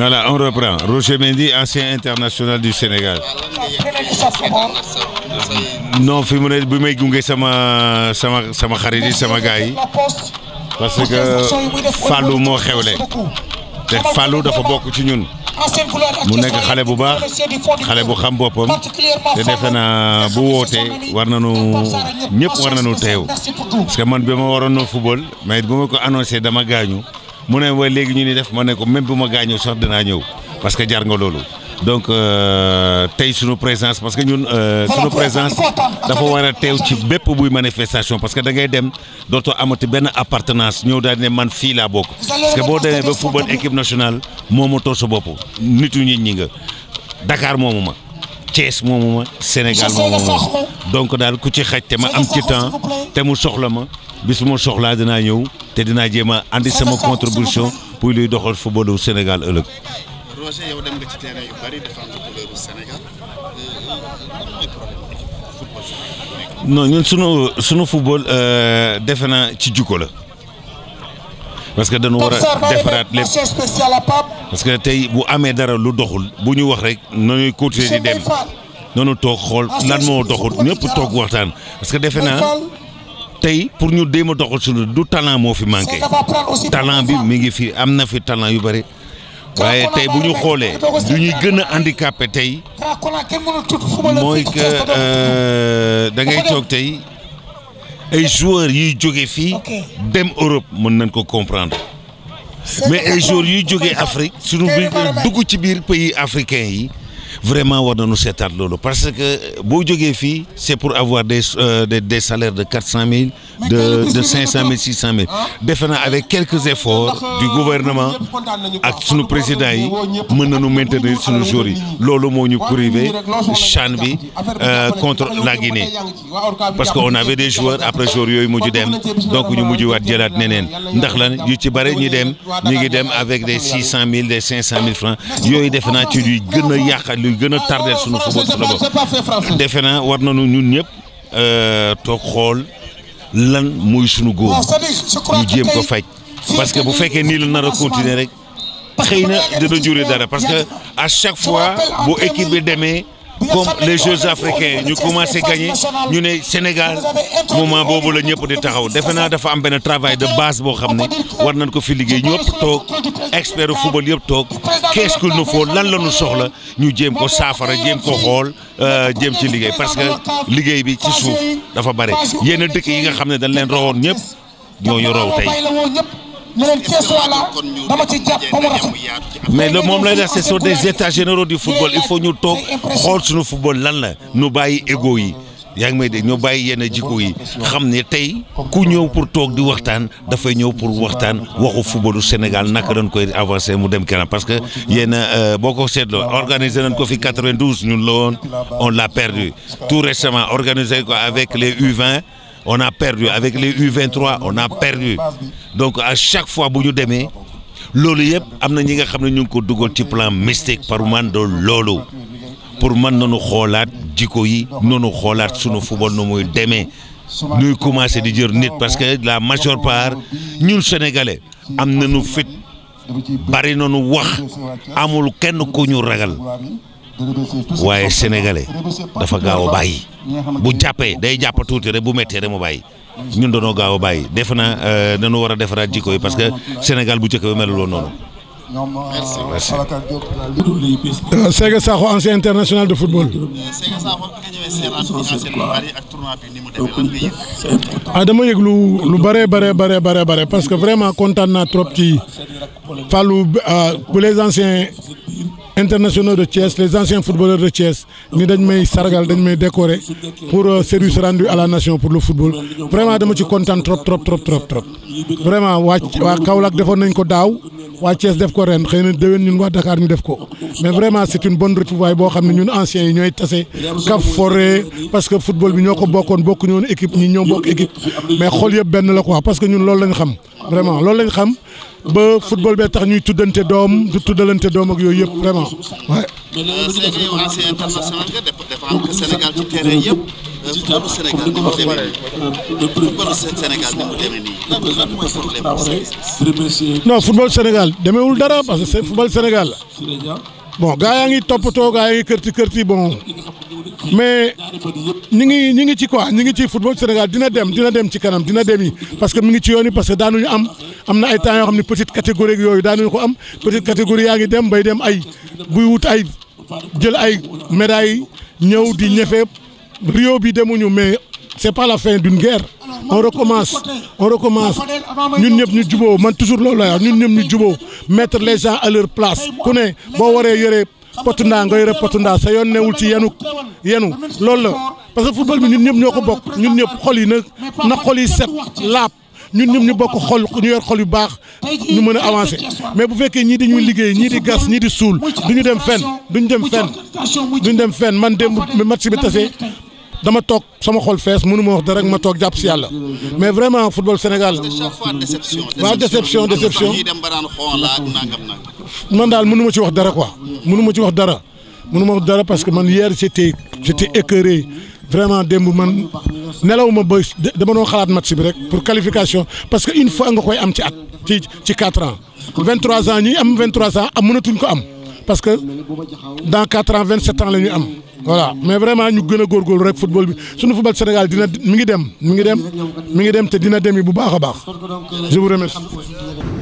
Voilà, on reprend. Roger Mendy, ancien international du Sénégal. non fi mu ne bi may gunge sama sama sama xarit yi sama gars yi parce que Fallou moo xewle te Fallou dafa bokk ci ñun mu nekk xale bu baax xale bu xam boppam te defe bu wootee war nu ñëpp war nu teew parce que man bi ma waroon na football mais bu ma ko annoncé dama gaañu. mu ne waaye léegi ñu ni def ma ne ko même bu ma gaañoo sax dinaa ñëw parce que jar nga loolu donc euh, tey sunu présence parce que ñun euh, sunu présence dafa war a teew ci bépp buy manifestation parce que da ngay dem dootoo amati benn appartenance ñëw daal ne man fii laa bokk parce que boo demee ba football équipe nationale moomatoo sa bopp nitu nit ñi nga dakaar moomu ma Thiès moomu ma Sénégal moomu ma donc daal ku ci xaj te ma am ci temps te mu soxla ma bis mu soxlaa dinaa ñëw te dinaa jéem a andi sama contribution pour luy doxal footballu Sénégal ëllëg. Roger yow dem nga ci terrain yu bari défendre couleuru Sénégal non ñun sunu sunu football euh, defe naa ci jukko la parce que dañu war a defaraat lépp. parce que tey bu amee dara lu doxul bu ñu wax rek nañuy continuer di dem noonu toog xool lan moo doxul ñëpp toog waxtaan parce que defe naa tey pour ñu déem a doxul suñu du talent moo fi manqué talent bi mi ngi fi am na fi talent yu bëri waaye tey bu ñu xoolee lu ñuy gën a handicapé tey mooy que euh, da ngay toog tey ay joueurs yiy jóge fii dem Europe mën nañ ko comprendre mais ay joueurs yuy jógee Afrique suñu bi dugg ci biir pays africain yi vraiment war nu seetaat loolu parce que boo jógee fii c'est pour avoir des euh, des salaires de quatre cent mille de de cinq cent mille six cent mille defe na avec quelques ah, efforts du euh, guvernement ak sunu président yi mën na nañu maintenir sunu jour yi loolu moo ñu privé CHAN bi euh, contre la Guinée parce que on avait des joueurs après jour yooyu mujj dem donc ñu mujj waat jëlaat neneen ndax lan ñu ci bare ñu dem ñu ngi dem avec des six cent mille des cinq cent mille francs yooyu defe naa ci luy gën a yàq luy gën a tardé ah, sunu football defe naa war nañu ñun ñëpp toog xool. lan mooy sunu góom ñu jéem ko faj parce que bu fekkee nii la nar a continuer rek xëy na dina jure dara parce que à chaque fois boo équipe bi demee. comme les Jeux africains ñu commencé gagné ñu ne Sénégal moment boobu la ñëpp di taxaw defe naa dafa am benn travail de base boo xam ne war nañ ko fi liggéey ñëpp toog expert football yëpp toog qu'est-ce qu'il nous lan la ñu soxla ñu jéem ko saafara jéem ko xool jéem ci liggéey parce que liggéey bi ci suuf dafa bare yenn dëkk yi nga xam ne dañ leen rowoon ñëpp ñoo ñu row tey. mais le moom la def des états généraux du football il faut ñu toog xool suñu football lan la ñu bàyyi égo yi. yaa ngi may dégg ñu bàyyi yenn jikko yi xam ne tey ku ñëw pour toog di waxtaan dafay ñëw pour waxtaan waxu footballu Sénégal naka dañ koy avancer mu dem kanam parce que yenn euh, boo ko seetloo organiser nañ ko fi 92 ñun la woon on l'a perdu tout récemment organiser ko avec les u on a perdu avec les U23 on a perdu donc a chaque fois bu ñu demee loolu yëpp am na ñi nga xam ne ñu ngi ko dugal ci plan mystique par man de loolu pour man noonu xoolaat jikko yi nonu xoolaat sunu football nu muy demee ñuy commencé di jër nit parce que la majeure part ñun sénégalais am nañu fit bari nañu wax amul kenn ku ñu ragal. waaye sénégalais dafa gaaw a bàyyi bu jàppee day jàpp tuuti rek bu méttee rek mu bàyyi ñun dañoo gaaw a bàyyi defe naa euh, dañu war a defaraat jikko yi parce que Sénégal bu njëkk ba melul woon noonu. merci merci. Euh, Sega Sakho ancien international de football. ah dama yëg lu lu bëree bëree bëree bëree parce que vraiment kontaan naa trop ci Fallou euh, bu les internationaux de Thiès les anciens footballeurs de Thiès ni dañ may sargal dañ may décorer pour euh, service rendu à la nation pour le football vraiment dama ci kontaan trop trop trop trop trop vraiment waa waa Kaolack defoon nañ ko daaw waa Thiès def ko ren xëy na déwén ñun waa Dakar ñu def ko mais vraiment c'est une bonne boo xam ne ñun anciens yi ñooy tase kaf foré parce que football bi ñoo ko bokkoon bokk ñoon équipe ñi ñoo bokk équipe mais xool yëpp benn la quoi parce que ñun loolu lañ xam vraiment loolu lañ xam ba football bee tax ñuy tuddante doom du tuddalante doom ak yooyu yëpp vraiment euh, waaye. Euh, non football Sénégal demeewul dara parce que football Sénégal la bon gaa yaa ngi toppatoo gaa yaa ngi kërti kërti bon mais ñi ngi ñi ngi ci quoi ñu ngi ci football Sénégal dina dem dina dem ci kanam dina dem yi parce que mu ngi ci yoon yi parce que daanuñu am. am na ay temps yoo xam ne petite catégorie yooyu daanuñu ko am petite catégorie yaa ngi dem bay dem ay buy wut ay jël ay médailles ñëw di ñëfe Rio bi demuñu mais c'est pas la fin d'une guerre on recommence on recommence ñun ñëpp ñu juboo man toujours loolu la ñun ñëpp ñu juboo mettre les gens à leur place ku ne boo waree yore potundaa nga yore potundaa sa yoon newul ci yenu yenu loolu la parce que football bi ñun ñëpp ñoo ko bokk ñun ñëpp xol yi na na xol yi set laab ñun ñoom ñu bokk xol ñu yor xol yu baax ñu mën a avancer mais bu fekkee ñii di ñuy liggéey ñii di gas ñii di suul du ñu dem fenn duñu dem fenn duñu dem fenn man démb match bi tasee dama toog sama xol fees mënu ma wax dara ma toog jàpp si yàlla mais vraiment football Sénégal waaw déception déception man daal mënu ma ci wax dara quoi mënu ma ci wax dara mënu wax dara parce que man hier j'étais j'étais écœuré vraiment démb man nelaw ma ba dama doon xalaat match bi rek pour qualification parce que une fois nga koy am ci at ci ci quatre ans vingt trois ans ñi am vingt trois ko am parce que dans quatre ans vingt sept ans la ñu am voilà mais vraiment ñu gën a góorgóorlu rek football bi suñu football Sénégal dina mi ngi dem mi ngi dem mi ngi dem te dina dem bu baax a baax je vous